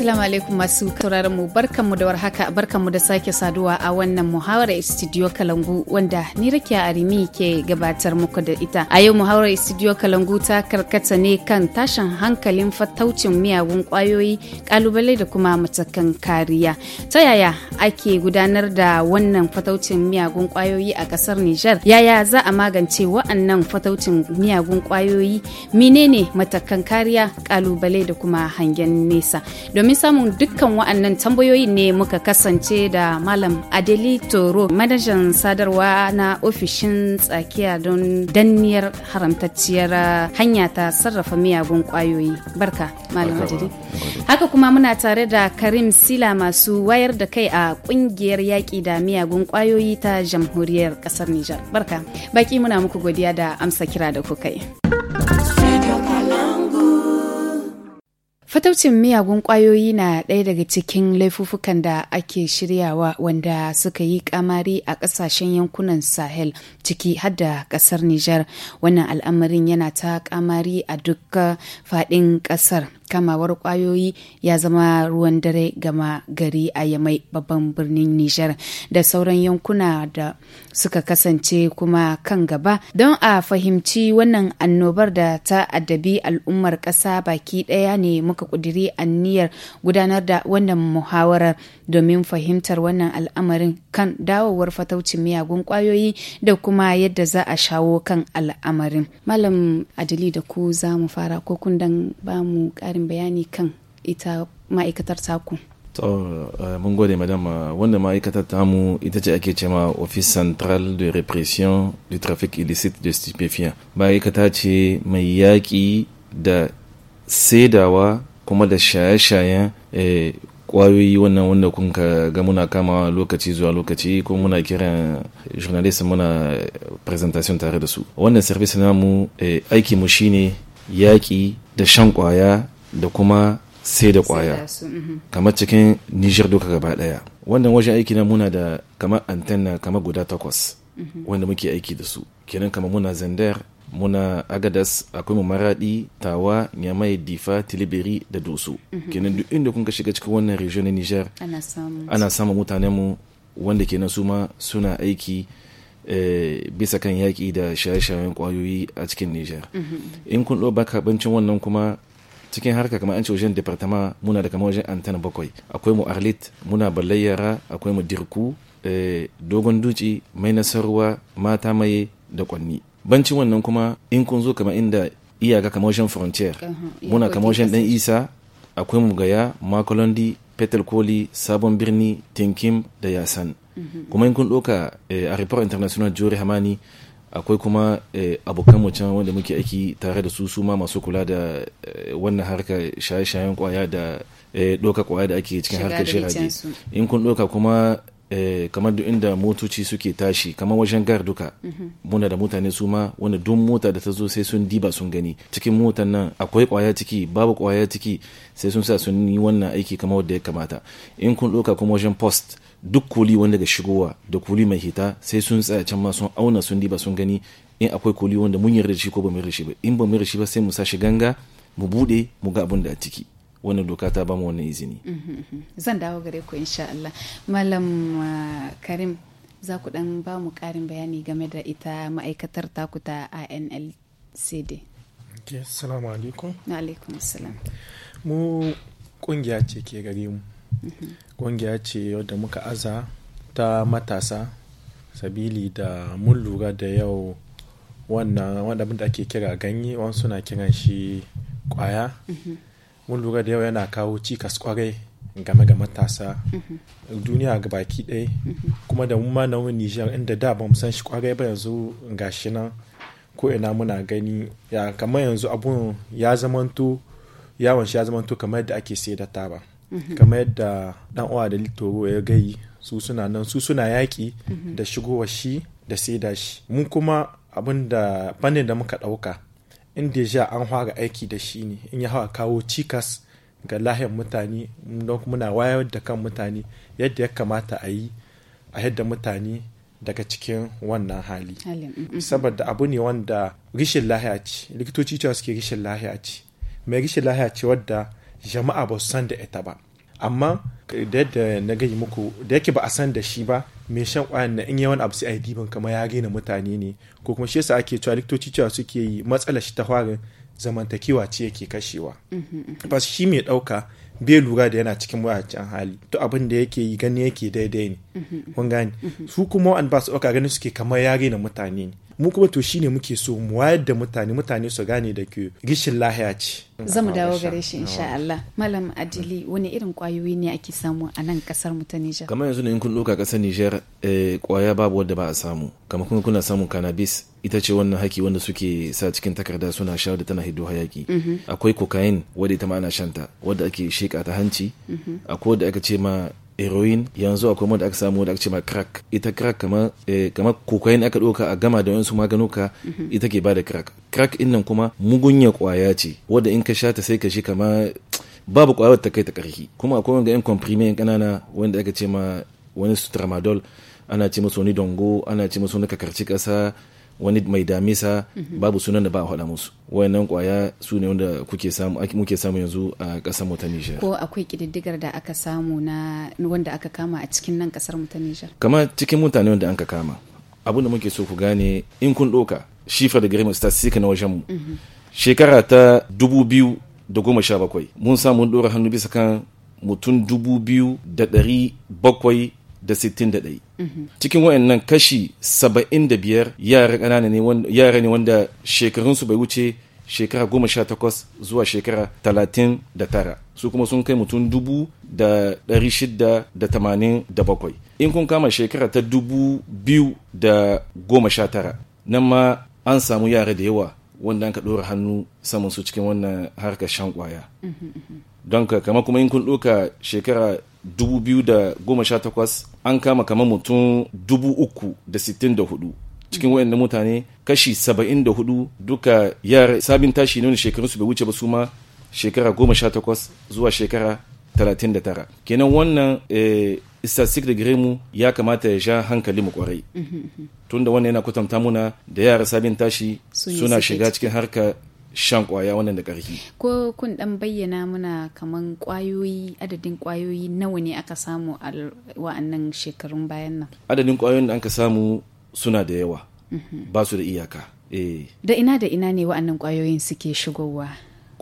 Assalamu alaikum masu sauraron mu barkanmu da warhaka barkanmu da sake saduwa a wannan muhawarar studio Kalangu wanda ni Rakiya Arimi ke gabatar muku da ita. A yau muhawarar studio Kalangu ta karkata ne kan tashin hankalin fataucin miyagun kwayoyi kalubale da kuma matakan kariya. Ta yaya ake gudanar da wannan fataucin miyagun kwayoyi a kasar Nijar? Yaya za a magance wa'annan fataucin miyagun kwayoyi? Menene matakan kariya kalubale da kuma hangen nesa? Domin domin samun dukkan wa'annan tambayoyin ne muka kasance da Malam Adeli Toro, manajan sadarwa na ofishin tsakiya don danniyar haramtacciyar uh, hanya ta sarrafa miyagun kwayoyi. Barka, Malam Adeli. Haka kuma muna tare da Karim Sila masu wayar da kai a kungiyar yaƙi da miyagun kwayoyi ta jamhuriyar ƙasar Nijar. Barka, baki muna muku godiya da amsa kira da kuka yi. Fataucin miyagun ƙwayoyi na ɗaya daga cikin laifuffukan da ake shiryawa wanda suka yi kamari a ƙasashen yankunan Sahel ciki har da ƙasar Nijar. Wannan al'amarin yana ta kamari a duk faɗin ƙasar. kamawar ƙwayoyi ya zama ruwan dare gama gari a yamai babban birnin Nijar da sauran yankuna da suka kasance kuma kan gaba don a fahimci wannan annobar da ta addabi al'ummar ƙasa baki ɗaya ne aka ƙudiri niyyar gudanar da wannan muhawarar domin fahimtar wannan al'amarin kan dawowar fataucin miyagun kwayoyi da kuma yadda za a shawo kan al'amarin. Malam Adili da ku za mu fara ko kun dan ba mu ƙarin bayani kan ita ma'aikatar taku. to eh, mun gode madam eh, wanda ma'aikatar tamu ita ce ake cema office central de repression du trafic illicite de stupéfiants ma'aikata ce mai yaƙi da sedawa kuma da shaye-shayen eh, kwayoyi wannan wanda kun ka ga muna kama lokaci zuwa lokaci ko muna kiran journalist muna presentation tare da su wannan service namu eh, aiki mu shine yaƙi da shan kwaya da kuma sai da kwaya mhm. kamar cikin niger duka gaba daya wannan wajen aiki na muna da kamar antenna kamar guda takwas mhm. wanda muke aiki da su kenan kamar muna zandar muna agadas akwai mu maradi tawa nyamai difa tilibiri da doso mhm. kenan duk inda kun ka shiga cikin wannan region na niger ana samun mutanen mu wanda kenan su ma suna aiki eh, bisa kan yaƙi da shaye-shayen ƙwayoyi a cikin niger mhm, mhm. in kun ɗau baka wannan kuma cikin harka kamar an ce wajen departement muna da kamar wajen antana bakwai akwai mu arlit muna balayyara akwai mu dirku eh, dogon duci mai nasarwa mata maye da kwanni banci wannan kuma in kun zo kamar inda iyaka kamar wajen frontier muna kamar wajen dan isa akwai mugaya makolondi petel koli sabon birni tinkim da yasan mhm. kuma in kun ɗauka eh, a report international jori hamani akwai kuma eh, abokan can wanda muke aiki tare da su su ma masu kula da eh, wannan harka shaye-shayen kwaya da doka kwaya da ake cikin harkar shirage in kun doka kuma Eh, kamar duk inda motoci suke tashi kamar wajen gar duka muna da mutane su ma wanda duk mota da ta zo sai sun diba sun gani cikin motan nan akwai kwaya ciki babu kwaya ciki sai sun sa sun yi wannan aiki kamar wadda ya kamata in kun ɗauka kuma wajen post duk kuli wanda ga shigowa da kuli mai hita sai sun tsaya can ma sun auna sun diba sun gani in akwai kuli wanda mun yarda shi ko ba mu yarda shi ba in ba mu yarda shi ba sai mu sa shi ganga mu bude mu ga abin da a ciki wani doka ta bamu wani izini mhm, zan dawo gare ku insha Allah malam uh, Karim za ku dan ba mu karin bayani game da ita ma'aikatar taku ta ANLCD assalamu alaikum alaikum assalam mu kungiya ce ke gare mu kungiya mhm. ce wadda muka aza ta matasa sabili da mun lura da yau wannan wanda ake kira ganye wani suna kiran shi kwaya mhm. mun lura da yawa yana kawo cikas kwarai game ga matasa mhm. duniya ga baki ɗaya mhm. kuma da mun ma na wani nijar inda da ba mu san shi kwarai ba yanzu gashi nan ko ina muna gani ya kamar yanzu abun ya zamanto yawon shi ya zamanto kamar yadda ake sai da ba mhm. kamar yadda dan uwa da litoro ya gai su suna nan su suna yaƙi da shigowa shi da sai da shi mun kuma abin da fannin da muka ɗauka in deja an fara aiki da shi ne in ya hawa kawo cikas ga lahiyar mutane don muna wayar da kan mutane yadda ya kamata a yi a yadda mutane daga cikin wannan hali mm, mm. saboda abu ne wanda rishin lahiya ce likitoci cewa suke rishin lahiya ce mai rishin lahiya ce wadda jama'a ba su san da ita ba amma da yadda na gani muku da yake ba a san da shi ba mai shan kwayan na in yawan abu sai a yi diban kama ya gaina mutane ne ko kuma shi yasa ake cewa likitoci cewa suke yi matsalar shi ta farin zamantakewa ce yake kashewa ba shi mai ɗauka bai lura da yana cikin can hali to abin da yake yi gani yake daidai ne kun gane su kuma wa'anda ba su ɗauka ganin suke kama ya na mutane ne mu kuma to shine muke so mu wayar da mutane mutane su gane da ke gishin lahiya ce mu dawo gare shi insha Allah malam Adili wani irin kwayoyi ne ake samu a nan kasar mu ta Niger kamar yanzu ne in kun doka kasar Niger eh, kwaya babu wanda ba a samu kamar kun kuna samun cannabis ita ce wannan haki wanda suke sa cikin takarda suna sha da tana hiddo hayaki mhm. akwai cocaine wadda ita ma ana shanta wanda ake sheka ta hanci mhm. akwai wanda aka ce ma heroin yanzu akwai wanda aka samu da aka ce ma crack ita crack kamar eh, kamar cocaine aka doka a gama da wasu maganuka mhm. ita ke bada crack crack din nan kuma mugunya kwaya ce wanda in ka sha ta sai ka shi kamar babu kwaya ta kai ta karhi kuma akwai wanda yan comprime yan kanana wanda aka ce ma wani su tramadol ana ce musu ni dongo ana ce musu wani kakarci kasa wani mai damisa mhm. babu sunan da ba a faɗa musu wayannan kwaya su ne wanda kuke samu muke samu yanzu a ƙasar mu ta Nijar ko akwai kididdigar da aka samu na wanda aka kama a cikin nan ƙasar mu ta Nijar kamar cikin mutane wanda an ka kama abin da muke so ku gane in kun ɗauka shifa da garimin statistika na wajen mu mhm. shekara ta dubu biyu da goma sha bakwai mun samu ɗora hannu bisa kan mutum dubu biyu da ɗari bakwai da sittin da ɗai. cikin waɗannan kashi 75 yara ƙanana ne yara ne wanda shekarunsu bai wuce shekara goma sha takwas zuwa shekara talatin da tara su kuma sun kai mutum dubu da ɗari shida da tamanin da bakwai in kun kama shekara ta dubu biyu da goma sha tara nan ma an samu yara da yawa wanda an ka ɗora hannu saman su cikin wannan harkar shan kwaya don ka kama kuma in kun ɗoka shekara 2018 an kama kamar mutum 364 cikin waɗanda mutane kashi 74 duka yara sabin tashi ne shekaru su bai wuce ba su ma shekara 18 zuwa shekara 39 kenan wannan istatistik eh, da giremu ya kamata ya sha hankali mu kwarai mm-hmm. tunda wannan yana kwatanta muna da yara sabin tashi suna shiga cikin harka shan kwaya wannan da ƙarfi. Ko kun dan bayyana muna kaman kwayoyi adadin kwayoyi nawa ne aka samu a wa'annan shekarun bayan nan? Adadin kwayoyin da aka samu suna da yawa mhm. ba su da iyaka. Eh. Da ina da ina ne wa'annan kwayoyin suke shigowa?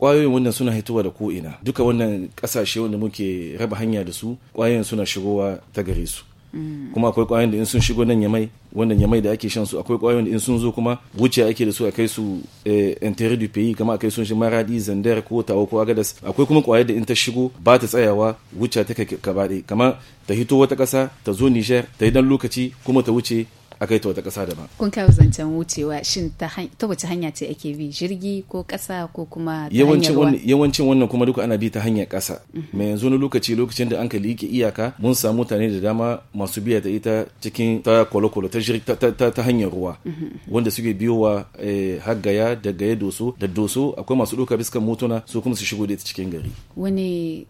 Kwayoyin wannan suna hitowa da ko'ina duka wannan ƙasashe wanda muke raba hanya da su kwayoyin suna shigowa ta gare su. Mm. kuma akwai kwayoyin da in sun shigo nan yamai wannan yamai da ake shan su akwai kwayoyin da in sun zo kuma wuce ake da su a kai su intere eh, du pays kama a kai sun shi maradi zandar ko tawo ko agadas akwai kuma kwayar da in ta shigo ba ta tsayawa wuce ta kaba kabaɗe kamar ta hito wata kasa ta zo niger ta yi dan lokaci kuma ta wuce a kai ta wata ƙasa ba. Kun kawo zancen wucewa shin ta wace hanya ce ake bi jirgi ko ƙasa ko kuma Yawancin wannan kuma duka ana bi ta hanyar kasa. Mhm. Mai yanzu na lokaci lokacin da an ka liƙe iyaka mun samu mutane da dama masu biya da ita cikin ta kolokolo ta jirgi ta ta hanyar ruwa mhm, mhm. wanda suke biyowa eh, har gaya da gaya doso da doso akwai masu ɗauka biskan motuna su kuma su shigo da ita cikin gari. Wani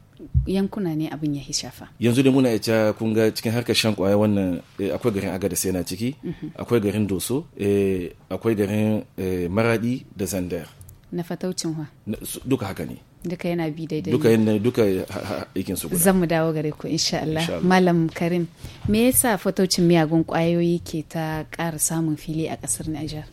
yankuna ne abin ya shafa yanzu da muna ita kun ga cikin harkar shan kwaya wannan eh, akwai garin sai na ciki mhm. akwai garin doso eh, akwai garin eh, maradi da zandar na fataucin wa duka haka ne duka yana bi daidai duka yana duka aikin su guda zamu dawo gare ku insha Allah malam Karim me yasa fataucin miyagun kwayoyi ke ta ƙara samun fili a ƙasar Niger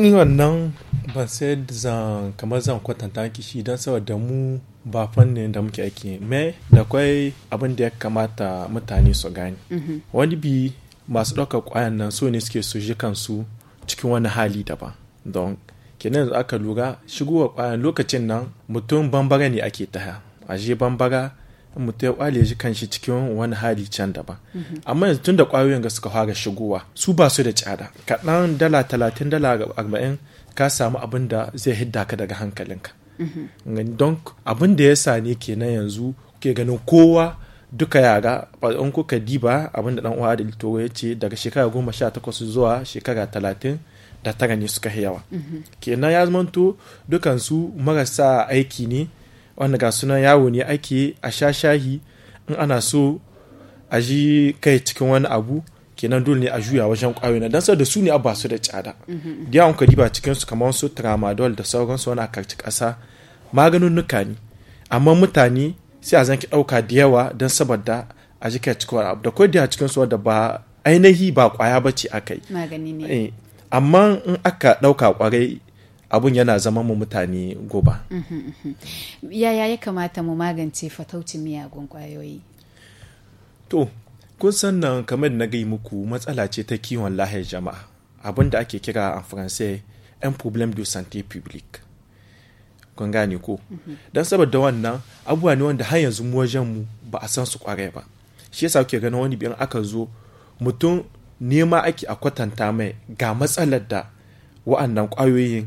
ni wannan ban sai da zan kamar zan kwatanta ki shi dan saboda mu ba fannin da muke aiki Me, da kwai abin da ya kamata mutane su gane mhm. wani bi masu ɗaukar ƙwayan nan so ne suke su ji kansu cikin wani hali daban don kenan da aka lura shigowa ƙwayan lokacin nan mutum bambara ne ake taya a je bambara mutum ya kwale ji kanshi cikin wani hali can daban mhm. amma yanzu tun da ƙwayoyin ga suka fara shigowa su ba su da tsada kaɗan dala talatin dala arba'in ka samu abin da zai hidda ka daga hankalinka don abin da ya sa ne kenan yanzu ke ganin kowa duka yara in kuka diba abin da dan uwa da ya ce daga shekara goma sha takwas zuwa shekara talatin da tara ne suka yawa mhm. kenan ya zamanto dukansu marasa aiki ne wanda ga sunan yawo ne ake a sha shahi in ana so a ji kai cikin wani abu kenan dole ne a juya wajen kwayoyi dan da su ne a basu da tsada da yawan ka diba cikin su kamar su tramadol da sauransu wani karci kasa maganunuka ne amma mutane sai a zanki dauka da yawa don saboda a jika cikin wani abu da kawai da cikin su wanda ba ainihi ba kwaya ba ce aka yi eh, amma in aka dauka kwarai abun yana zama mu mutane goba yaya ya kamata mu magance fataucin miyagun kwayoyi to kun san nan kamar na gai muku matsala ce ta kiwon lahiyar jama'a abin da ake kira a faransa un problème de santé publique kun gane ko mhm. don saboda wannan abubuwa ne wanda har yanzu mu wajen mu ba a san su kwarai ba shi yasa kuke ganin wani biyan aka zo mutum nema ake a kwatanta mai ga matsalar da wa'annan kwayoyin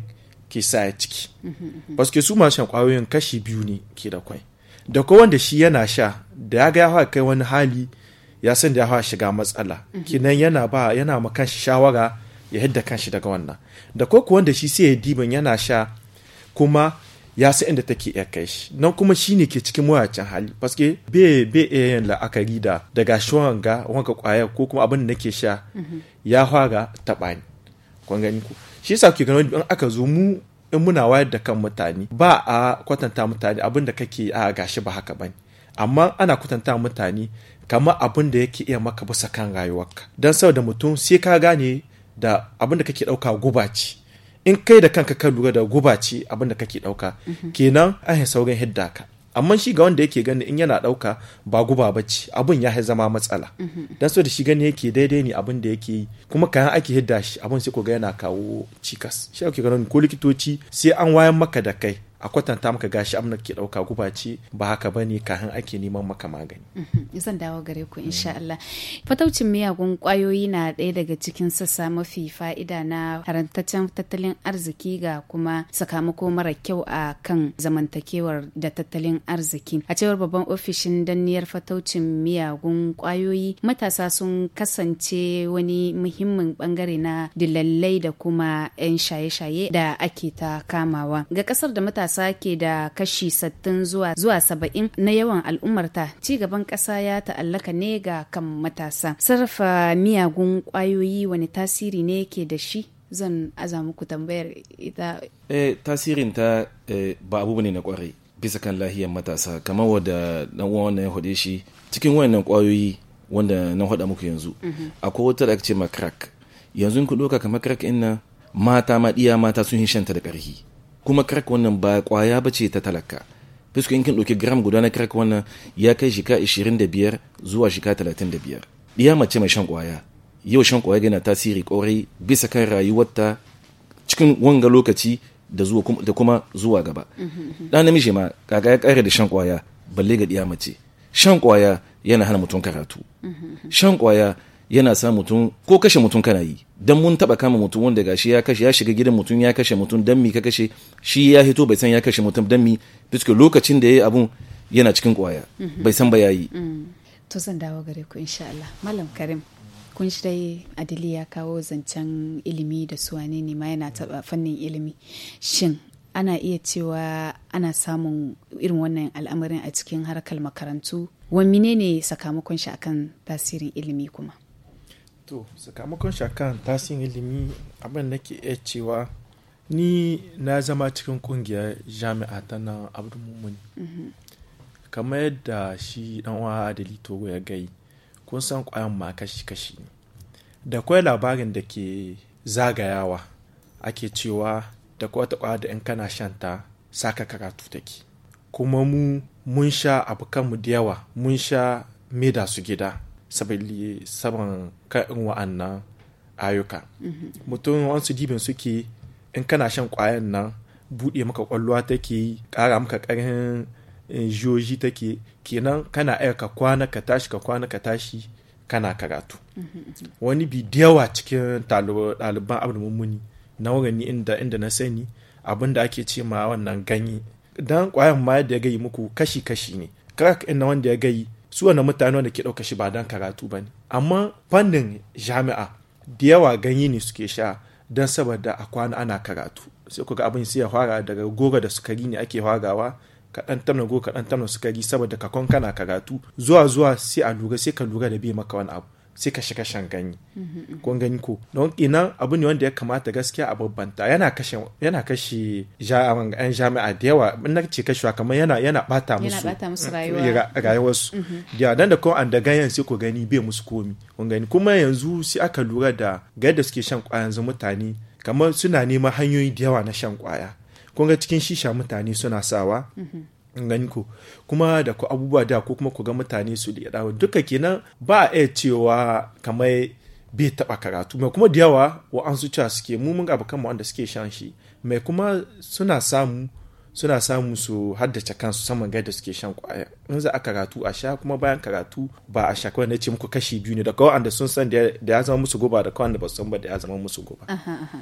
ke sa ya ciki mhm, mhm. baske su ma shan kwayoyin kashi biyu ne ke da kwai da kowanda shi yana sha da ya ga ya kai wani hali ya san da ya fara shiga matsala mhm. kinan yana ba yana ma kanshi shawara ya hidda kanshi daga wannan da ko wanda shi sai ya diban yana sha kuma ya san inda take iya kai shi nan kuma shi ne ke cikin mawacin hali paske bai be la'akari da daga shi wanga wanka kwaya ko kuma abin da nake sha mhm. ya fara taɓa ni kun gani ku shi yasa ke gano in aka zo mu in muna wayar da kan mutane ba a kwatanta mutane abin da kake a ah, gashi ba haka bane amma ana kwatanta mutane Kamar abin da yake iya maka bisa kan rayuwarka don saboda mutum sai ka gane da abin da kake ɗauka guba ce in kai da kanka ka lura da guba ce abin da kake ɗauka mhm. kenan an yi saurin hidda ka amma shi ga wanda yake gani in yana ɗauka ba guba ba ce abin ya zama matsala mhm. don saboda da shi gani yake daidai ne abin da yake yi kuma kayan ake hidda shi abin sai ko ga yana kawo cikas shi ake ganin ko likitoci sai an wayan maka da kai a kwatanta maka gashi amna ke dauka guba ce ba haka bane kahan ake neman maka magani mhm. zan dawo gare ku insha Allah fataucin miyagun kwayoyi na ɗaya daga cikin sassa mafi fa'ida na harantaccen tattalin arziki ga kuma sakamako mara kyau a kan zamantakewar da tattalin arziki a cewar babban ofishin danniyar fataucin miyagun kwayoyi matasa sun kasance wani muhimmin bangare na dilallai da kuma 'yan shaye-shaye da ake ta kamawa ga kasar da matasa matasa ke da kashi 60 zuwa zuwa 70 na yawan al'ummarta ci gaban ƙasa ya ta'allaka ne ga kan matasa sarrafa miyagun ƙwayoyi wani tasiri ne ke da shi zan aza muku tambayar ita eh tasirin ta eh, ba abu ne na kwarai bisa kan lahiyar matasa kamar wadda dan uwan wannan ya hode shi cikin wannan kwayoyi wanda na hada muku yanzu mhm. akwai wata da ake ce ma crack yanzu in ku doka kamar crack din nan mata ma diya mata sun yi shanta da karhi kuma crack wannan ba kwaya ba ce ta talaka fisko in kin ɗauki gram guda na crack wannan ya kai shika biyar zuwa shika talatin 35 ɗiya mace mai shan kwaya yau shan kwaya yana tasiri kwarai bisa kan rayuwarta cikin wanga lokaci da kuma zuwa gaba mm-hmm. ɗan namiji ma kaga ya ƙara da shan kwaya balle ga ɗiya mace shan kwaya yana hana mutum karatu mm-hmm. shan kwaya yana sa mutum ko kashe mutum kana yi dan mun taba kama mutum wanda gashi ya kashe ya shiga gidan mutum ya kashe mutum dan mi ka kashe shi ya hito bai san ya kashe mutum dan mi duk lokacin da yayi abun yana cikin kwaya mhm. bai san ba yayi mm. to zan dawo gare ku insha Allah malam Karim kun shi dai adili ya kawo zancen ilimi da su wane ne ma yana taba fannin ilimi shin ana iya cewa ana samun irin wannan al'amarin a cikin harkar makarantu wani ne sakamakon shi akan tasirin ilimi kuma to sakamakon shakan tasirin ilimi abin da ke iya cewa ni na zama cikin kungiyar jami'a ta nan mummuni. Mhm. kamar yadda shi dan uwa adali togo ya gai kun san kwayan ma kashi kashi da kwai labarin da ke zagayawa ake cewa da kwa ta da in kana shanta saka karatu take kuma mu mun sha abu kanmu da yawa mun sha meda su gida saboda saban Ka in wa'annan ayyuka mutum wansu dibin suke in kana shan kwayan nan buɗe maka kwallowa take ƙara maka ƙarfin eh, jiyoji take kenan kana aya ka kwana ka tashi ka kwana ka tashi kana karatu wani bi da yawa cikin ɗaliban abu mummuni na wurin inda inda na sani abin da ake ce ma wannan ganye dan kwayan ma yadda ya gayi muku kashi kashi ne karak na wanda ya gayi su wani mutane wanda ke ɗauka shi ba dan karatu ba ne amma fannin jami'a da yawa ganye ne suke sha don saboda a kwana ana karatu sai kuga abin sai ya fara daga goga da sukari ne ake farawa ɗan tamna goga ka ɗan tamna sukari saboda kakon kana karatu zuwa zuwa sai a lura sai ka lura da bai maka wani abu sai ka shiga ganye? Mm-hmm. kun gani ko don abu ne wanda ya kamata gaskiya a babbanta yana kashe yan jami'a da yawa na ce kashewa kamar yana yana bata musu rayuwarsu mm-hmm. da dan da kuma an da ganyen sai ku gani bai musu komi kun gani kuma yanzu sai aka lura da ga yadda suke shan kwaya yanzu mutane kamar suna neman hanyoyi da yawa na shan kwaya kun cikin shisha mutane suna sawa mm-hmm. gani ku kuma da ku abubuwa da ko kuma ku ga mutane su da yadawa duka kenan ba a iya cewa kamar bai taba karatu mai kuma da yawa wa an su suke mu mun ga bakan mu wanda suke shan shi mai kuma suna samu suna samu su haddace kansu saman gaida suke shan kwaya in za a karatu a sha kuma bayan karatu ba a sha kawai na ce muku kashi biyu ne da kawai da sun san da ya zama musu guba da kawai da ba san ba da ya zama musu guba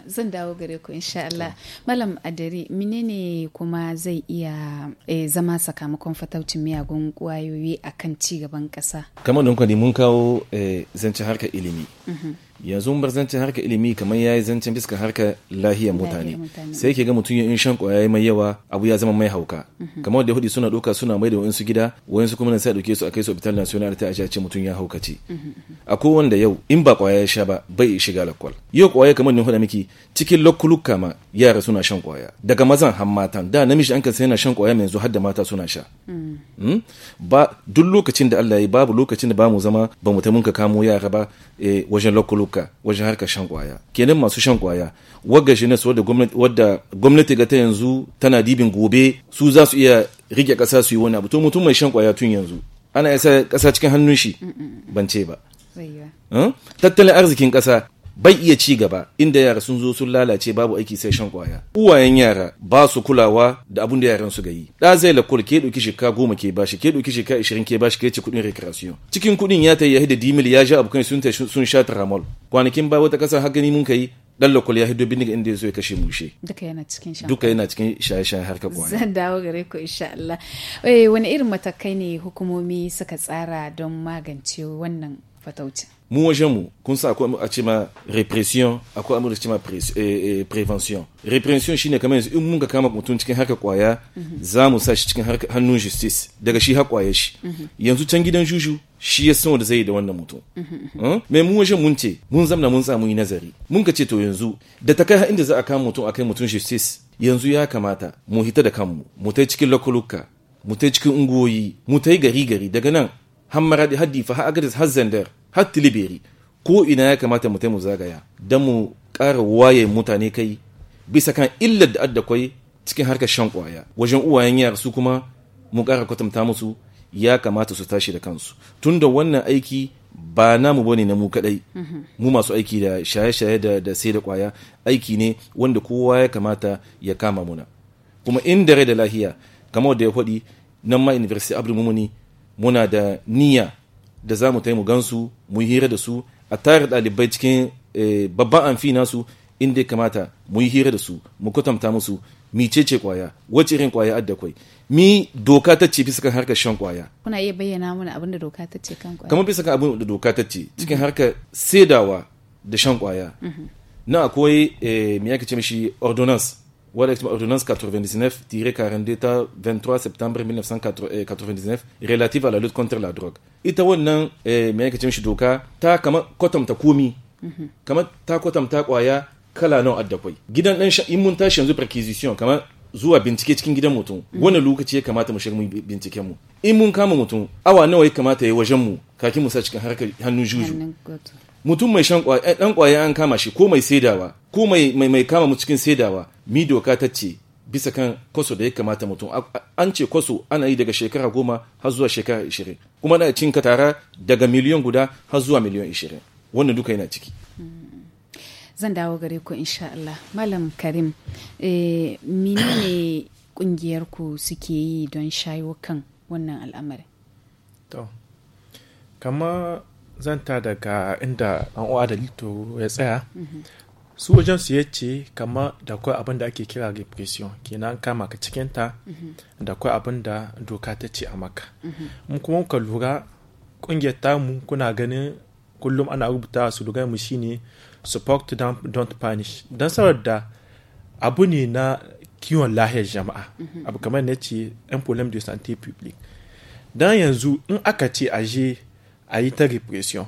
zan dawo gare ku insha Allah malam adari menene kuma zai iya eh, zama sakamakon fataucin miyagun kwayoyi akan ci gaban kasa kamar don kwani mun kawo eh, zancen harkar ilimi mhm. yanzu bar zancen harka ilimi kamar yayi yi zancen biska harka lahiyar mutane sai ke ga mutum in shan kwaya mai yawa abu ya zama mai hauka mhm. kamar da hudu suna doka suna mai da wa'insu gida wa'insu kuma sai doke su a kai su hospital national ta ce mutum ya hauka a mhm, mhm. akwai wanda yau in ba kwaya ya sha ba bai shiga lakwal yau kwaya kamar ne hudu miki cikin lokuluka ma yara suna shan kwaya daga mazan har matan da namiji an kan sai yana shan kwaya yanzu har da mata suna sha mm. hmm? ba duk lokacin da Allah ya babu lokacin da ba mu zama ba mu ta munka kamo yara ba eh, wajen lokuluka ayyuka wajen harkar shan kwaya kenan masu shan kwaya wagga shi ne su wadda gwamnati ga ta yanzu tana dibin gobe su za su iya rike kasa su yi wani abu to mutum mai shan kwaya tun yanzu ana isa kasa cikin hannun shi ban ce ba tattalin arzikin kasa bai iya ci gaba inda yara sun zo sun lalace babu aiki sai shan kwaya uwayen yara ba su kulawa da abun da yaran su ga yi da zai lakol ke dauki shika goma ke bashi ke dauki shika ishirin ke bashi ke ci kudin recreation cikin kudin ya tayi da dimil ya ji abokan sun sun sha tramol kwanakin ba wata kasar har mun kai dan lokal ya hido bindiga inda ya zo ya kashe mushe duka yana cikin shan duka yana cikin shaye shaye harkar kwaya zan dawo gare ku insha Allah eh, wani irin matakai ne hukumomi suka tsara don magance wannan fataucin mu mu kun sa akwai a cima repression akwai amur cima eh, eh, prevention repression shine kamar yanzu in mun ka kama mutum cikin harka kwaya za mu sa shi cikin hannun justice daga shi har kwaya shi yanzu can gidan juju shi ya san wanda zai yi da wannan mutum hmm? me mu wajen mun ce mun zamna mun samu yi nazari mun ka ce to yanzu da ta kai inda za a kama mutum akai mutum justice yanzu ya kamata mu hita da kanmu mu tai cikin lokuluka mu tai cikin unguwoyi mu tai gari gari daga nan har maradi har difa har agadis har zandar har tilibiri ko ina ya kamata mu taimu zagaya don mu ƙara waye mutane kai bisa kan illar da adda kwai cikin harkar shan kwaya wajen uwayen yara su kuma mu ƙara kwatanta musu ya kamata su tashi da kansu tunda wannan aiki ba namu bane na mu kaɗai mu masu aiki da shaye-shaye da, da sai da ƙwaya aiki ne wanda kowa ya kamata ya kama muna kuma in da rai da lahiya kamar da ya faɗi nan ma university abdul muna da niyya da za mu tai mu gansu mu yi hira da su a tare ɗalibai cikin eh, babban amfi nasu inda ya kamata mu yi hira da su mu kwatanta musu ce kwaya wacce irin kwaya adda kwai mi doka ta ce bisa kan harkar shan kwaya kuna iya bayyana mana abin da doka ta ce kan kwaya kamar bisa kan abin da doka ta ce mhm. cikin harkar sedawa da shan kwaya mhm. na akwai eh, me yake ce mishi ordonance ou à l'ordonnance 99-42 23 septembre 1999 eh, relative à la lutte contre la drogue ita wannan eh, mai yake shi doka ta kama kwatanta komi mhm. kama ta kwatanta kwaya kala nan adda kwai gidan dan in mun tashi yanzu perquisition kama zuwa bincike cikin gidan mutum mhm. wani lokaci ya kamata mu shiga mu binciken mu in mun kama mutum awa nawa ya kamata ya wajen mu kafin mu sa cikin harkar hannun juju mutum mai shan kwaya eh, ɗan kwaya an kama shi ko mai saidawa ko mai kama mu cikin saidawa mi doka ta ce bisa kan kwaso da ya kamata mutum an ce kwaso ana yi daga shekara goma har zuwa shekara ishirin kuma na cin katara daga miliyan guda har zuwa miliyan ishirin wannan duka yana ciki hmm. zan dawo gare ku insha Allah malam karim eh, menene kungiyar ku suke yi don shayo kan wannan al'amari to kama zanta daga inda an uwa da lito ya tsaya mhm. su wajen su yace kama da kwai abin da ake kira repression kenan kama ka cikin ta mhm. da kwai abin da doka ta ce a maka mhm. mun kuma ka lura kungiyar mu kuna ganin kullum ana rubuta su lura mu shine support don't punish don saboda abu ne na kiwon lahiyar jama'a abu kamar na ce un problem de santé publique don yanzu in aka ce aje a yi ta repression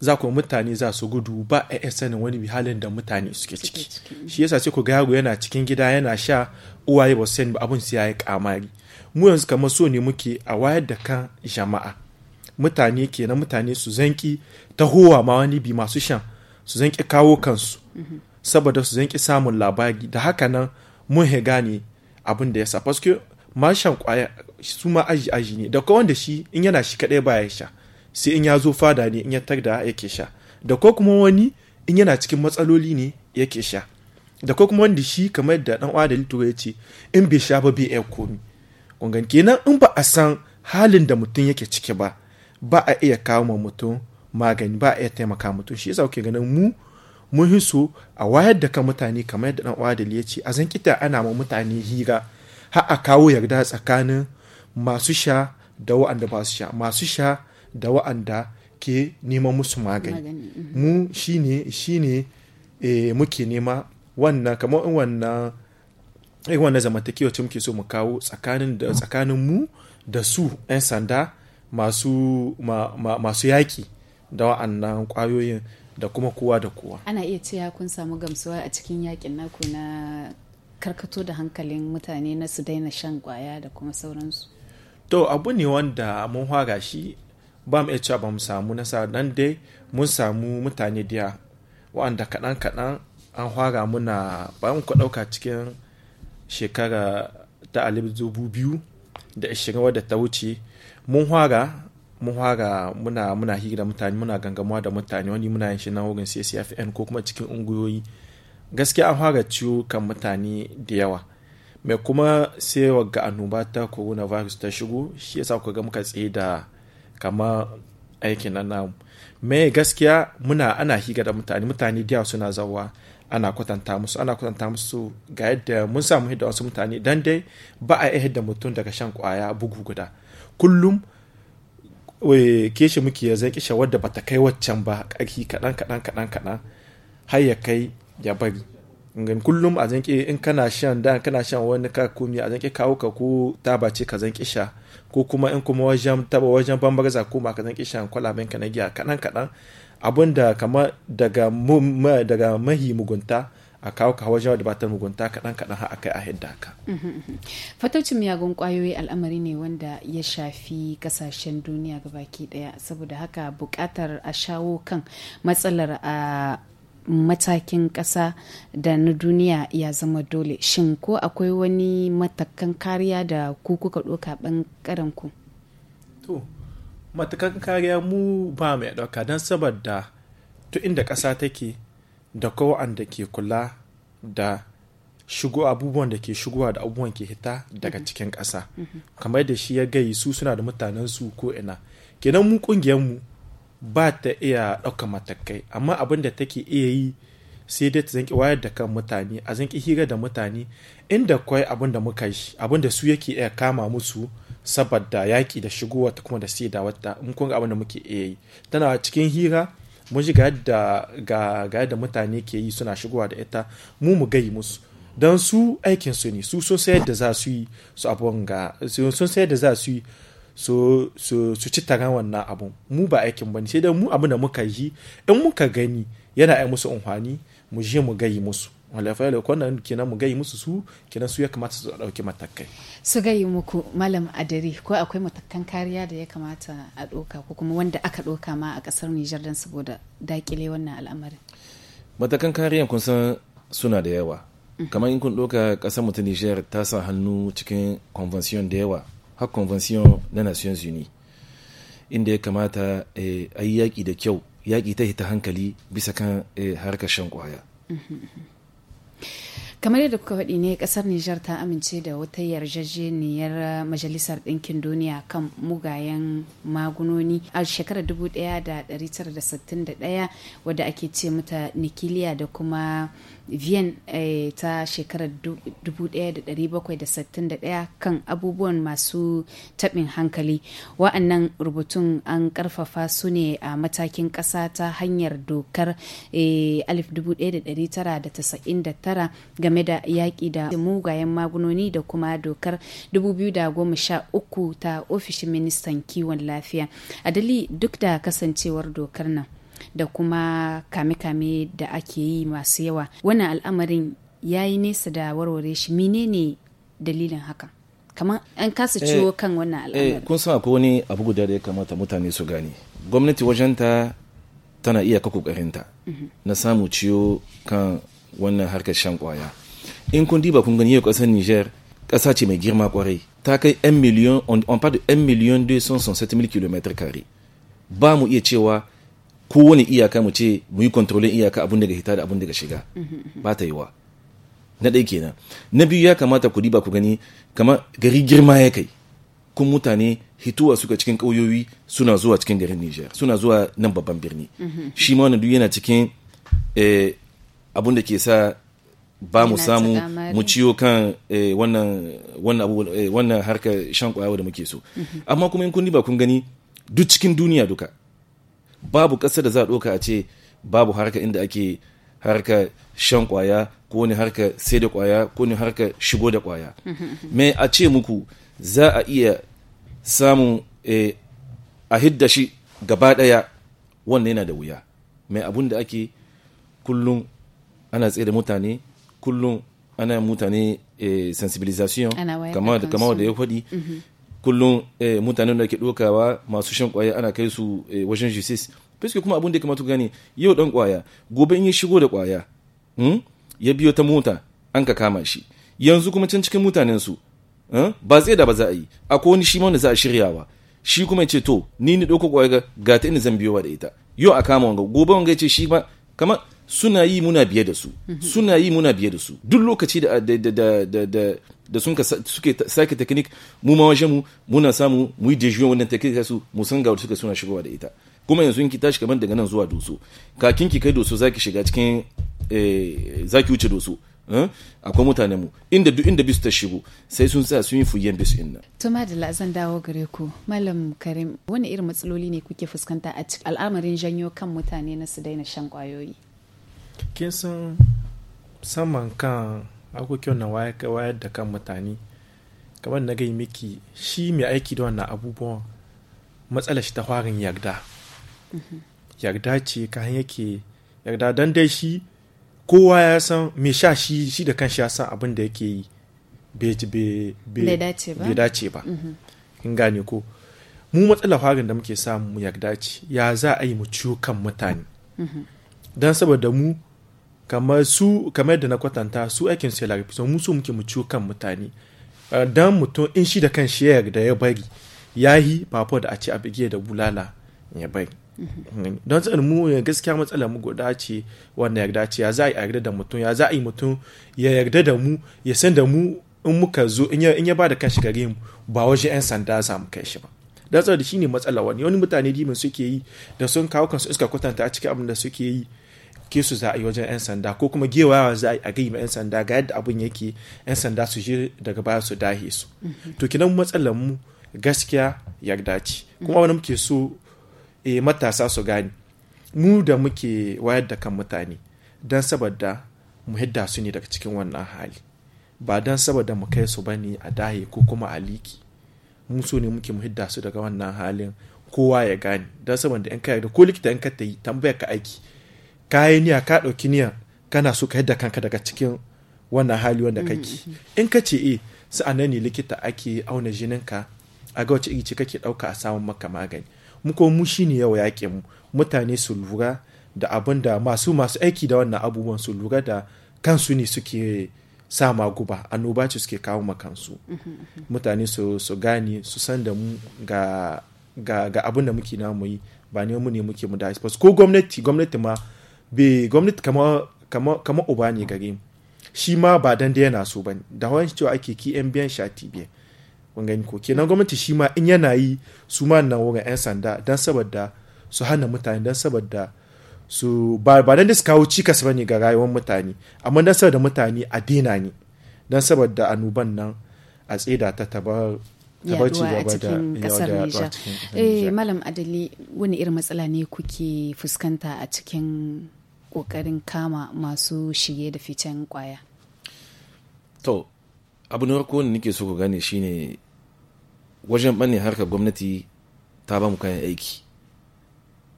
za ku mutane za su gudu ba a sanin wani halin da mutane suke ciki shi yasa sai ku ga yaro yana cikin gida yana sha uwaye ba sani ba abin sai ya yi kamari mu yanzu kamar so ne muke a wayar da kan jama'a mutane kenan mutane su zanki tahowa ma wani bi masu shan su zanki kawo kansu mhm. saboda su zanki samun labari da haka nan mun he gane abin da ya sa paske ma shan kwaya su ma aji aji ne da wanda shi in yana shi kadai baya sha sai in ya zo fada ne in ya tagda yake sha da ko kuma wani in yana cikin matsaloli ne yake sha da ko kuma wanda shi kamar da dan uwa da litoro ya ce in bai sha ba bai iya komi kungan kenan in ba a san halin da mutum yake ciki ba ba a iya kawo ma mutum magani ba a iya taimaka mutum shi yasa kuke ganin mu mun so a wayar da kan mutane kamar yadda dan uwa da ya ce a zan kita ana ma mutane hira har a kawo yarda tsakanin masu sha da wa'anda ba su sha masu sha da wa'anda ke neman musu magani mhm. mu shine shine e, muke nema wannan kamar in wannan in wannan zamantakewa ce muke so mu kawo tsakanin mu da su 'yan sanda masu ma, ma, masu yaƙi da wa'annan ƙwayoyin da kuma kowa da kowa ana iya cewa kun samu gamsuwa a cikin yakin naku na karkato da hankalin mutane na su daina shan ƙwaya da kuma sauransu to abu ne wanda mun shi ba mu iya ba mu samu nasara nan dai mun samu mutane diya wa'anda kaɗan kaɗan an fara muna ba mu ku ɗauka cikin shekara ta alif da ashirin wadda ta wuce mun fara mun fara muna muna hira mutane muna gangamuwa da mutane wani muna yin shi na wurin CCFN ko kuma cikin ungiyoyi gaskiya an fara ciwo kan mutane da yawa mai kuma sai wagga annoba ta coronavirus ta shigo shi yasa ku ga muka tsaye da kama aikin nan namu me gaskiya muna ana higa da mutane mutane da suna zawa ana kwatanta musu ana kwatanta musu ga yadda mun samu hidda wasu mutane dan dai ba a da mutum daga shan kwaya bugu guda kullum keshi muke ya zai kisha wadda bata kai waccan ba ƙarfi kaɗan kaɗan kaɗan kaɗan har ya kai ya bari ngan kullum a zanki in kana shan da kana shan wani kakumi a zanki kawo ka ko ta ce ka zanki sha ko kuma in kuma wajen taba wajen bambarza ko ba ka zan kishan kwalaben ka na giya kaɗan kaɗan abun da kama daga mahi mugunta a kawo ka wajen wadda batar mugunta kaɗan kaɗan har akai a hidda ka. fataucin miyagun kwayoyi al'amari ne wanda ya shafi kasashen duniya gabaki ɗaya saboda haka buƙatar a shawo kan matsalar a ah, matakin ƙasa da na duniya ya zama dole shin ko akwai wani matakan kariya da ku kuka ɗoka ɓangaren ku to matakan kariya mu ba mai ɗauka don saboda to inda ƙasa take da da ke kula da shigo abubuwan da ke shigowa da abubuwan ke hita daga mm-hmm. cikin ƙasa mm-hmm. kamar da shi ya gayi su suna da mutanensu ko ina kenan mu mu. ba ta iya ɗauka matakai amma abin da take iya yi sai dai ta zanki wayar da kan mutane a zanki hira da mutane inda kwai abin da muka yi abin da su yake iya kama musu saboda yaƙi da shigowa ta kuma da saida wata in kun abin da muke iya yi tana cikin hira mun ji ga yadda mutane ke yi suna shigowa da ita mu mu gai musu don su aikin su ne su sun sayar da za su yi su abun ga sun sayar da za su yi su so, so ci wannan abun mu ba aikin bane sai dai mu abin da muka yi in muka gani yana ai musu unhwani mu je mu gayi musu walafa da kwanan kenan mu gayi musu su kenan su ya kamata su dauki matakai su gayi muku malam adari ko akwai matakan kariya da ya kamata a doka ko kuma wanda aka doka ma a kasar Nijar dan saboda dakile wannan al'amarin matakan kariyan kun san suna da yawa mm. kamar in kun doka kasar mutum Nijar ta sa hannu cikin convention da yawa har convention na nations unies inda ya kamata eh, a yi yaƙi da kyau yaƙi ta hita hankali bisa kan eh, harkar shan kwaya mm-hmm. kamar yadda kuka faɗi ne ƙasar nijar ta amince da wata yarjejeniyar eh, majalisar ɗinkin duniya kan mugayen magunoni a shekarar 1961 wadda ake ce mata nikiliya da kuma vien eh, ta shekarar 1761 kan abubuwan masu taɓin hankali wa'annan rubutun an ƙarfafa su ne a matakin ƙasa ta hanyar dokar 1999 eh, ga game da yaƙi da mugayen magunoni da kuma dokar 2013 ta ofishin ministan kiwon lafiya a dali duk da kasancewar dokar nan da kuma kame-kame da ake yi masu yawa wannan al'amarin ya yi nesa da warware shi menene dalilin haka kamar an kasa eh, ciwo kan wannan eh, al'amarin eh, kun san ko wani abu guda da ya kamata mutane su gani gwamnati wajenta tana iya kakokarinta kokarinta mhm. na samu ciwo kan wannan harkar shan kwaya in kun diba kun gani yau kasar niger kasa ce mai girma kwarai ta kai 1 miliyon on part 1 miliyon 267 km kare ba mu iya cewa kowane iyaka mu ce mu yi kontrolin iyaka abun daga hita da abun daga shiga ba ta wa na ɗai kenan na biyu ya kamata ku diba ku gani kamar gari girma ya kai kun mutane hituwa suka cikin ƙauyoyi suna zuwa cikin garin Nijar suna zuwa nan babban birni mhm. shi ma wani duk yana cikin eh, abun da ke sa ba mu samu mu ciwo kan eh, wannan harka eh, harkar shan kwayawa da muke so mhm. amma kuma in kun ba kun gani duk cikin duniya duka babu ƙasa da za a ɗauka a ce babu harka inda ake harka shan kwaya ko ne harka sai da kwaya ko ne harka shigo da kwaya mhm. me a ce muku za a iya samun eh, a hidda shi gaba ɗaya wannan yana da wuya mai abun da ake kullum ana tsaye da mutane kullum ana mutane eh, sensibilisation kama da ya faɗi mm-hmm. kullum eh, mutanen da ke ɗokawa masu shan kwaya ana kai su eh, wajen Jesus. fiske kuma abin da ya kamata gani yau dan kwaya gobe in ya shigo da kwaya hmm, ya biyo ta mota an ka kama shi yanzu kuma can cikin mutanen su hmm, ba zai da ba za a yi akwai wani shi ma wanda za a shiryawa shi kuma ce to ni ni ɗauko kwaya ga ta ina zan biyowa da ita yau a kama wanga gobe wanga ya ce shi ma kamar suna yi muna biye da su mhm. suna yi muna biye da su duk lokaci da da sun ka suke sake teknik mu ma wajen mu muna samu mu yi dejuyon wannan teknik su mu san ga suka suna shigowa da ita kuma yanzu in ki tashi kaman daga nan zuwa doso kakin ki kai doso zaki shiga cikin eh, zaki wuce doso eh, akwai mutanen mu inda duk inda bisu ta shigo sai sun sa sun yi fuyen bisu inna to madalla zan dawo gare ku malam karim wani irin matsaloli ne kuke fuskanta a al'amarin janyo kan mutane na su daina shan kwayoyi kin san saman kan akwai na wayar da kan mutane kamar na gai miki shi mai aiki da wannan abubuwan matsala shi ta farin yarda mm-hmm. yarda ce kayan yake yarda don dai shi kowa ya san me sha shi shi da kanshi ya san abin da yake yi bai dace ba mm-hmm. in gane ko mu matsalar farin da muke samu yarda ce ya za a yi mu ciwo kan mutane mm-hmm. don saboda mu kamar su kamar da na kwatanta su aikin su la repression mu su muke mu ciwo kan mutane eh, dan mutum in shi da kan shi ya da ya bari yahi fafo da a ce a da bulala ya bari mm-hmm. don tsanin mu eh, gaskiya matsala mu guda ce wanda yarda ce ya za a yarda da mutum ya za a yi mutum ya yarda da mu ya san da mu in muka zo in ya ba da kanshi gare mu ba waje 'yan sanda za mu kai shi ba don tsanin shi ne matsala wani wani mutane dimin suke yi da sun kawo kansu iska kwatanta a cikin abin da suke yi kesu za a yi wajen 'yan sanda ko kuma gewawa za a yi 'yan sanda ga yadda abin yake 'yan sanda su je daga baya su dahe su mhm. to kinan matsalar mu gaskiya ya dace kuma wani muke so e, matasa su gane mu da muke wayar da kan mutane don saboda mu hidda su ne daga cikin wannan hali ba don saboda mu kai su ba ne a dahe ko kuma a liki mu so ne muke mu hidda su daga wannan halin kowa ya gane don saboda in ka da ko likita in ka ta yi tambayar ka aiki ka yi niyya ka ɗauki niyya kana so ka yadda kanka daga cikin wannan hali wanda kake mm-hmm. in ka ce eh su anan ne likita ake auna jininka a ga wace iri ce kake ɗauka a samun maka magani mu ko mu shine yau yaƙin mu mutane su lura da abin da masu masu aiki da wannan abubuwan su lura da kansu ne suke sa ma guba annoba ce suke kawo ma kansu mm-hmm, mm-hmm. mutane su su gane su san da mu ga ga abin da muke na mu yi ba ne mu ne muke mu da ko gwamnati gwamnati ma be gwamnati kama uba ne gare mu shi ma ba dan da yana so bane da hawan cewa ake ki yan biyan shati biyan kun gani ko kenan gwamnati shi ma in yana yi su ma nan wurin yan sanda dan saboda su hana mutane dan saboda su ba dan da su kawo cikas ne ga rayuwar mutane amma dan saboda mutane a dena ne dan saboda annoban nan a tsida ta tabar yaduwa a cikin kasar Nijar. Eh, Malam Adali, wani irin matsala ne kuke fuskanta a cikin ƙoƙarin kama masu shige da ficen ƙwaya? To, abu na farko nake so ku gane shine wajen ɓanne harkar gwamnati ta ba mu kayan aiki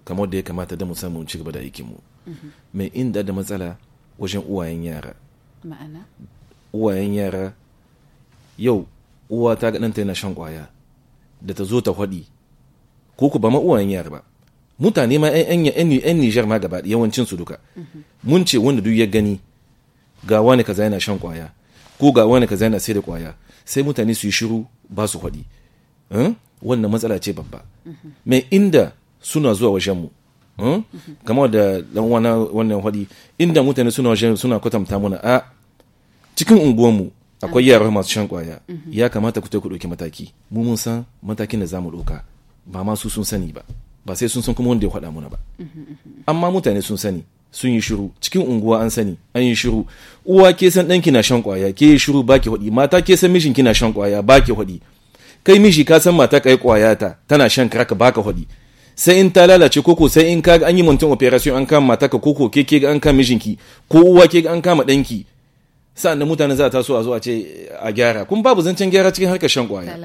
kamar da ya kamata da mu samu ci gaba da aikinmu. Mhm. Mai inda da matsala wajen uwayen yara. Ma'ana? Uwayen yara yau uwa ta ga ɗanta yana shan ƙwaya da ta zo ta faɗi ko ku ba ma uwayen yara ba mutane ma 'yan Niger ma gaba yawancin su duka mun ce wanda duk ya gani ga wani kaza yana shan kwaya ko ga wani kaza yana sayar da kwaya sai mutane su yi shiru ba su kwaɗi uhm? wannan matsala ce babba mai inda suna zuwa wajenmu uhm? kamar da dan wani wannan hadi inda mutane suna wajen suna kwatanta muna a cikin unguwanmu akwai yara masu shan kwaya ya kamata ku ku dauki mataki mu mun san matakin da za mu ɗauka ba ma su sun sani ba ba sai sun san kuma wanda ya faɗa muna ba amma mutane sun sani sun yi shiru cikin unguwa an sani an yi shiru uwa ke san ɗanki na shan kwaya ke yi shiru baki hudi mata ke san mijinki na shan kwaya baki hudi kai miji ka san mata kai kwaya ta tana shan crack baka hudi sai in ta lalace koko sai in ka an yi mantan operation an kama mata ka koko ke ke an kama mijinki ko uwa ke an kama ɗanki sa'an da mutane za ta so a zo a ce a gyara kun babu zancen gyara cikin harkar shan kwaya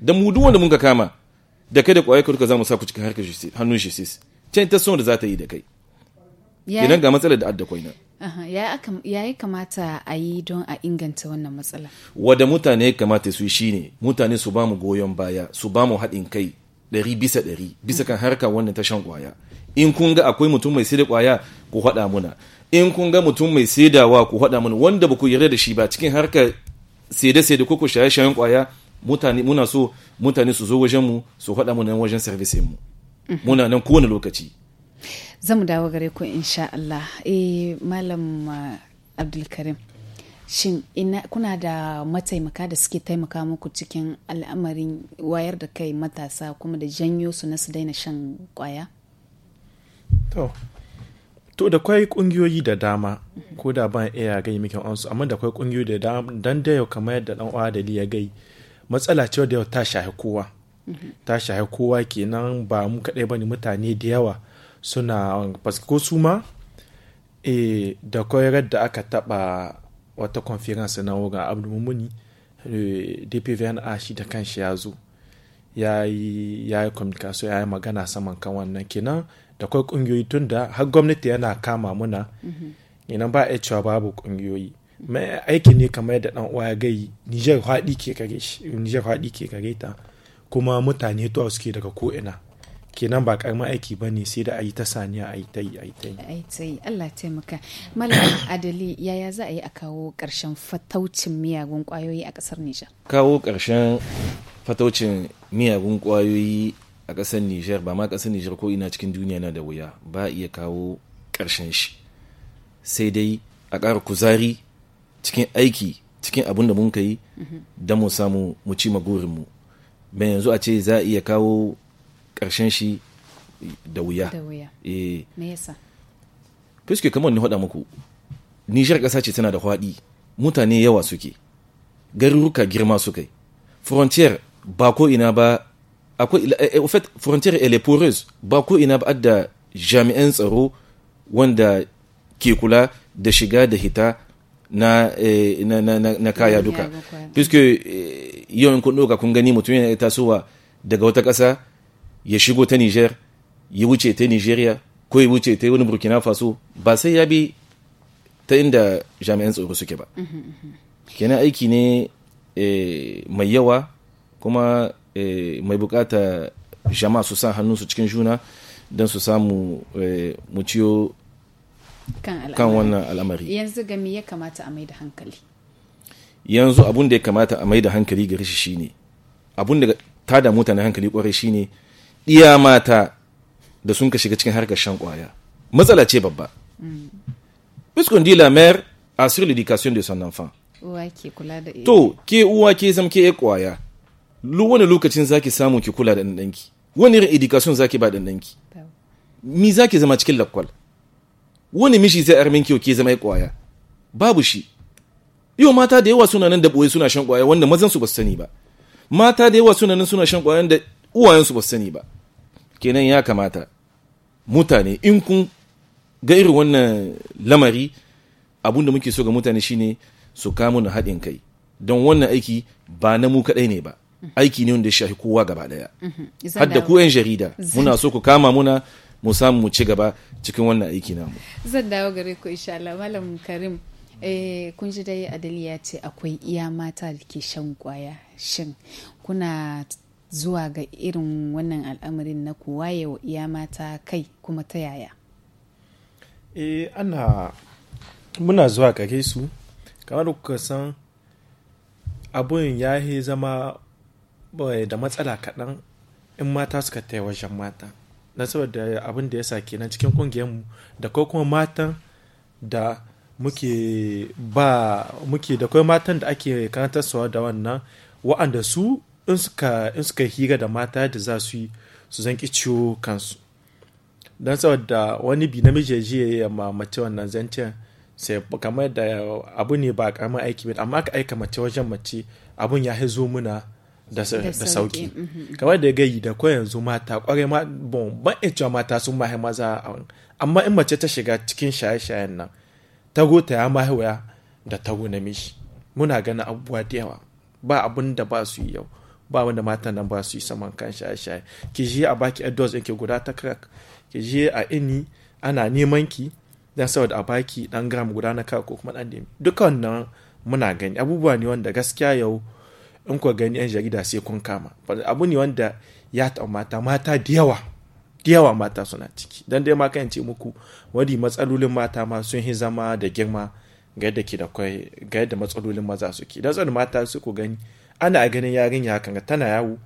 da mu duk wanda mun ka kama da kai da kwayar ka za mu sa ku cikin harkar hannun shi sis can ta son da za ta yi da kai idan ga matsalar da adda kwaina ya yi kamata a yi don a inganta wannan matsala wadda mutane ya kamata su yi shine mutane su ba mu goyon baya su ba mu haɗin kai ɗari bisa ɗari bisa kan harka wannan tashan kwaya in kun ga akwai mutum mai saida kwaya ku haɗa muna in kun ga mutum mai saidawa ku haɗa muna wanda ba ku yarda da shi ba cikin harkar saide-saide ko ku shaye-shayen kwaya mutane muna so mutane su zo wajen mu su faɗa mu nan wajen service mu muna nan kowane lokaci zamu dawo gare ku insha Allah eh malam uh, Abdulkarim shin ina kuna da mataimaka da suke taimaka muku cikin al'amarin wayar da kai matasa kuma da janyo su na su daina shan kwaya to to da kwai kungiyoyi da dama ko da ban iya gai miki ansu amma da kwai kungiyoyi da dama dan da yau kamar yadda dan uwa da ya gai matsala ce da yau ta shahi kowa ta shahi kowa kenan ba mu kaɗai ba ne mutane da yawa suna fasko su ma e, da koyar da aka taɓa wata conference na wurin abdulmumuni eh, dpvn a shi da kanshi ya zo ya yi ya ya yi magana saman kan wannan kenan da kwai kungiyoyi tun da har gwamnati yana kama muna ina mm-hmm. ba a cewa babu kungiyoyi aikin ne kamar da dan uwa ya gai Niger haɗi ke kare shi ta kuma mutane to suke daga ko ina kenan ba karamin aiki ba ne sai da a yi ta saniya a yi ta yi ayi ta yi. ayi ta yi Allah taimaka. Malam Adali yaya za a yi a kawo karshen fataucin miyagun ƙwayoyi a ƙasar Nijar? Kawo ƙarshen fataucin miyagun ƙwayoyi a kasar Nijar ba ma ƙasar Nijar ko ina cikin duniya na da wuya ba iya kawo ƙarshen shi. Sai dai a ƙara kuzari cikin aiki cikin abin da mun ka yi don mu samu mu ci mu ban yanzu a ce za a iya kawo ƙarshen shi da wuya eh. me fiske kamar ni haɗa muku nijar ƙasa ce tana da hwaɗi mutane yawa suke garuruka girma suka yi frontier ba ko ina ba akwai eh, eh, frontier eleporus ba ko ina ba da jami'an tsaro wanda ke kula da shiga da hita na, eh, na, na, na, na kaya duka puisque eh, yau kun ɗauka kun gani mutum yana tasowa daga wata ƙasa ya shigo ta niger ya wuce ta nigeria ko ya wuce ta wani burkina faso ba sai ya bi ta inda jami'an tsoro suke ba mhm, mhm. kenan aiki ne eh, mai yawa kuma eh, mai bukata jama'a su sa hannu su cikin juna don su samu eh, mu ciyo kan wannan al'amari yanzu ga me ya kamata a mai da hankali yanzu abun da ya kamata a mai da hankali gare shi shine abun da ta da mutane hankali kwarai shine iya mata da sun ka shiga cikin harkar shan kwaya matsala ce babba mm. puisqu'on dit la a sur l'education de son enfant to ke uwa ke zam ke kwaya wani lokacin zaki samu ki kula da danki wani irin education zaki ba danki mi zaki zama cikin lakwal wani mishi sai armin kyau ke zama ya kwaya babu shi yau mata da yawa suna nan da boye suna shan kwaya wanda mazan su ba sani ba mata da yawa suna nan suna shan kwaya da uwayen su ba sani ba kenan ya kamata mutane in kun ga irin wannan lamari abun da muke so ga mutane shine su kama na haɗin kai don wannan aiki ba na mu kaɗai ne ba mhm. aiki ne wanda ya shafi kowa gaba daya mhm. hadda ku 'yan jarida muna so ku kama muna mu samu mu ci gaba cikin wannan aiki namu zan dawo gare ku insha malam Karim eh kun ji dai Adali ya ce akwai iya mata da ke shan kwaya shin kuna zuwa ga irin wannan al'amarin na ku waye wa iya mata kai kuma ta yaya eh ana muna zuwa ga su kamar kuka san abun ya zama eh, da matsala kaɗan in mata suka taya wajen mata na saboda abin da ya sa kenan cikin kungiyarmu da ko kuma matan da muke ba muke da matan da ake karantarsuwa da wannan wa'anda su in suka in hira da mata da za su yi su zanki ciwo kansu don saboda wani bi namiji ji ya ma mace wannan zancen sai kamar da abu ne ba karamin aiki ba amma aka aika mace wajen mace abun ya zo muna da sauki mm-hmm. kamar da gayi da ko yanzu mata kwarai ma bon ban iya mata sun mahi maza amma in mace ta shiga cikin shaye-shayen nan tago ta ya mahi waya da tago mishi muna ganin abubuwa da yawa ba abun da ba su yi yau ba wanda mata nan ba su yi saman kan shaye-shaye ki je a baki adults ɗin ki guda ta crack ki je a ini ana neman ki dan saboda a baki dan gram guda na kaka ko kuma dan dem duka wannan muna gani abubuwa ne wanda gaskiya yau in kuwa gani 'yan jarida sai kun kama abu ne wanda ya ta mata mata da yawa da yawa mata suna ciki dan dai ma kan ce muku wani matsalolin mata ma sun yi zama da girma ga yadda ke da kai ga yadda matsalolin maza suke dan tsanin mata su ku gani ana a ganin yarinya haka tana yawo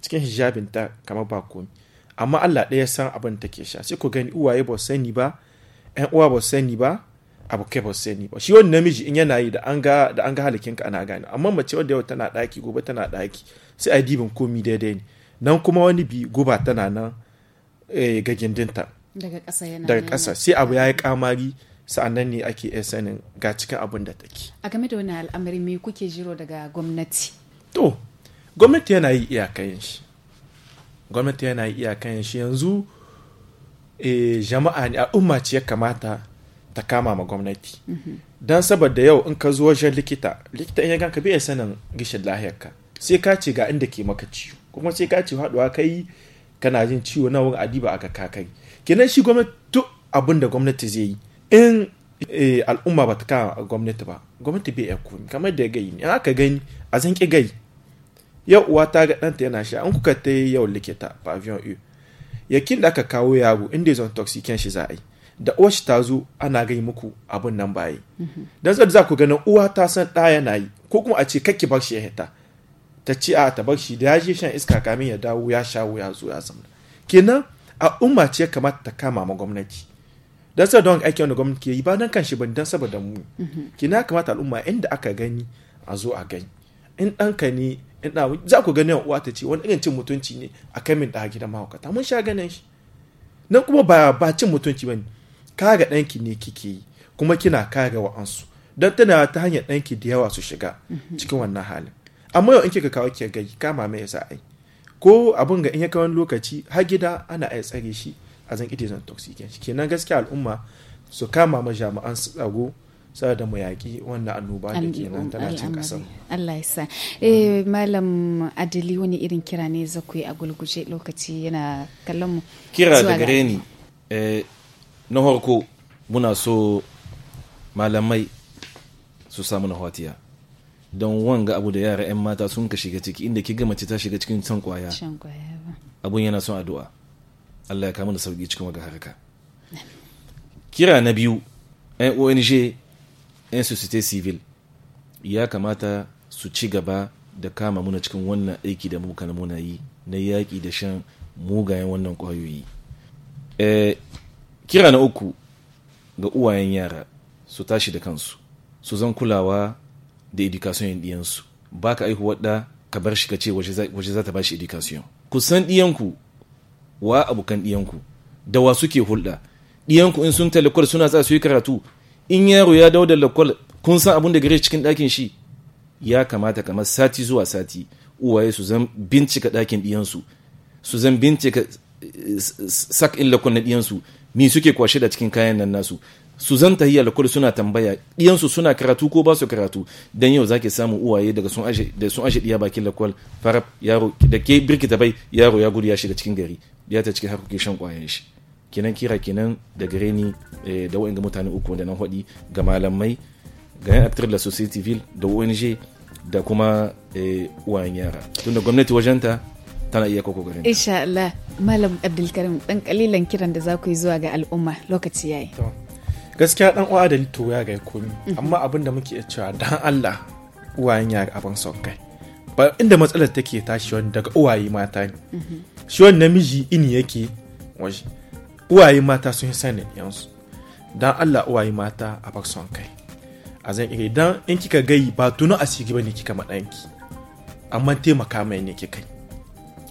cikin ta kamar ba komi amma Allah ɗaya san abin take sha sai ku gani uwaye ba sani ba 'yan uwa ba sani ba abu kai ba ni ba shi wani namiji in yana yi da an ga halakin ka ana gane amma mace wadda yau tana daki gobe tana daki sai ai dibin komi daidai ne nan kuma wani bi guba tana nan eh, ga gindinta daga kasa sai abu ya yi kamari sa'annan ne ake iya sanin ga cikin abin da take a game da wani al'amari me kuke jiro daga gwamnati to gwamnati yana yi iyakayen shi gwamnati yana yi iyakayen shi yanzu eh, jama'a ne al'umma ce ya kamata ta kama ma gwamnati don saboda yau in ka zo wajen likita likita in ya ganka bai sanin gishin lahiyarka sai ka ce ga inda ke maka ciwo kuma sai ka ce haɗuwa kai kana jin ciwo na wani adiba aka kakai kenan shi gwamnati duk abin da gwamnati zai yi in eh, al'umma ba ta kama gwamnati ba gwamnati bai yaku kamar da ya gai ne aka gani a zan ki gai yau uwa ta ga ɗanta yana sha an kuka ta yi yau likita pavillon u yakin da aka kawo yaro inda zon toxic shi za a yi da uwarsa ta zo ana gai muku abun nan baye dan zai za ku ganin uwa ta san ɗa yana yi ko kuma a ce kakki bar shi ya hita ta ce a ta bar shi da ya je shan iska kamin ya dawo ya sha ya zo ya zama kenan a umma ce kamata ta kama ma gwamnati dan sai don aikin wanda gwamnati ke yi ba dan kanshi ban dan saboda mu kenan kamata al'umma inda aka gani a zo a gani in ɗanka ne za ku ganin uwa ta ce wani irin cin mutunci ne a kai min ɗa gidan mahaukata mun sha ganin shi nan kuma ba ba cin mutunci ba ne kaga ɗanki ne kike yi kuma kina kaga wa'ansu don tana ta hanyar ɗanki da yawa su shiga cikin wannan halin amma yau in kika kawo ki gai kama mai yasa ai ko abun ga in ya kawo lokaci har gida ana ai tsare shi a zan ita zan toxic kenan gaskiya al'umma su kama ma jami'an su tsago saboda mu yaƙi wannan annoba da ke nan tana cin ƙasar. Allah ya sa. Eh Malam Adili wani irin kira ne za ku yi a gulguje lokaci yana kallon mu. Kira da gare ni. Eh, na harko muna so malamai su samu na hatiya don wanga abu da yara 'yan mata sun ka shiga ciki inda ki gama ta shiga cikin can kwaya abun yana son addu'a Allah ya kama da sauki cikin waga harka kira na biyu 'yan ONG 'yan societe civil ya kamata su ci gaba da kama muna cikin wannan aiki da muka muna yi na yaƙi da shan mugayen wannan kwayoyi. Eh, kira na uku ga uwayen yara su tashi da kansu su zan kulawa da edikasiyon ɗiyansu ba ka aihu wadda ka bar shi ka ce waje za ta ba shi ku san ɗiyanku wa abokan ɗiyanku da wa suke hulɗa ɗiyanku in sun talakwal suna sa su yi karatu in yaro ya dawo da lakwal kun san abin da gare cikin ɗakin shi ya kamata kamar sati zuwa sati uwaye su zan bincika ɗakin ɗiyansu su zan bincika eh, eh, sak in lakwal na ɗiyansu mi suke kwashe da cikin kayan nan nasu su zan tahiyya lakul suna tambaya ɗiyansu suna karatu ko ba su karatu don yau zaki samu uwaye daga sun ashe da sun ashe ɗiya bakin lakwal farab yaro da ke birkita bai yaro ya gudu ya shiga cikin gari ya ta cikin harkokin shan kwayan shi kenan kira kenan da gare ni eh, da wa'in mutane uku da nan hudi ga malamai ga yan aktar da society civil da ong da kuma eh, uwayen yara tunda gwamnati wajenta tana iya koko garin insha Allah malam Abdulkarim dan kalilan kiran da za ku yi zuwa ga al'umma lokaci yayi gaskiya dan uwa da to ya ga komi amma abin da muke cewa dan Allah uwayen ya abin son kai ba inda matsalar take tashi wani daga uwaye mata ne shi wani namiji ini yake waje uwaye mata sun sani yansu dan Allah uwaye mata a son kai a zan idan in kika gai ba a sigi bane kika madanki amma taimaka mai ne kika yi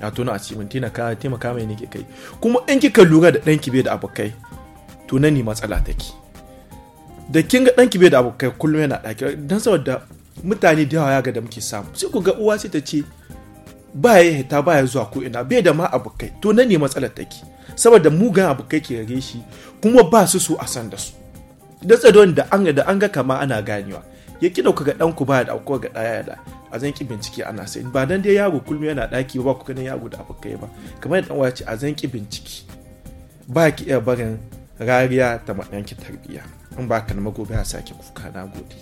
a tuna a cimin taimaka taimaka mai ke kai kuma in kika lura da ɗanki bai da abokai to nan ne matsala take da kin ga ɗanki bai da abokai kullum yana ɗaki don saboda mutane da yawa ya ga da muke samu sai ku ga uwa sai ta ce ba ya hita ba ya zuwa ko ina bai da ma abokai to nan ne matsalar take saboda mugan abokai ke rage shi kuma ba su so a san da su da tsadon da an ga kama ana ganewa ya ki dauka ga ɗanku ba da aukuwa ga ɗaya da a zan ki bincike ana sai ba dan dai yaro kullum yana ɗaki ba ku ganin yaro da abokai ba kamar da ɗan ce a zan ki bincike ba ki iya barin rariya ta ki tarbiyya in ba ka na magobe a sake kuka na gode.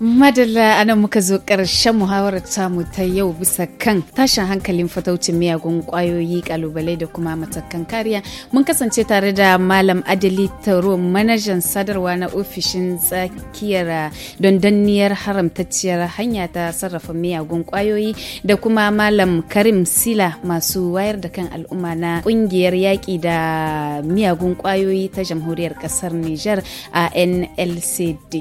madalla anan muka zo ƙarshen muhawarar tamu ta yau bisa kan tashin hankalin fataucin miyagun kwayoyi kalubale da kuma matakan kariya mun kasance tare da malam adali taro manajan sadarwa na ofishin tsakiyar dondanniyar haramtacciyar hanya ta sarrafa miyagun kwayoyi da kuma malam karim sila masu wayar da kan al'umma na kungiyar yaƙi da miyagun kwayoyi ta jamhuriyar ƙasar nijar a nlcd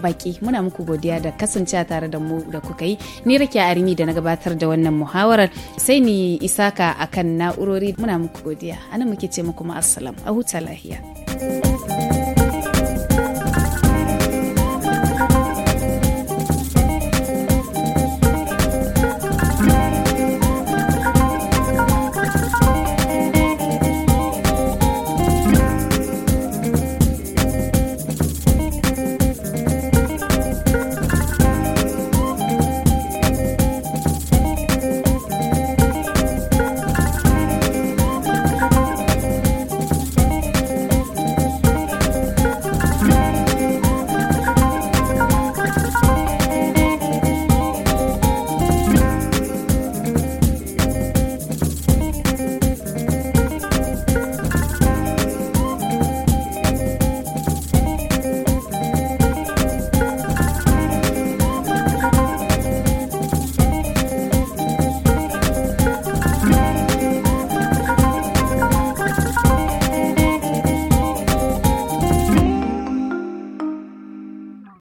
baki muna muku godiya da kasancewa tare da mu da kuka yi ni rake arimi da na gabatar da wannan muhawarar sai ni isaka akan na'urori muna muku godiya anan muke ce muku ma assalam a huta lahiya. thank you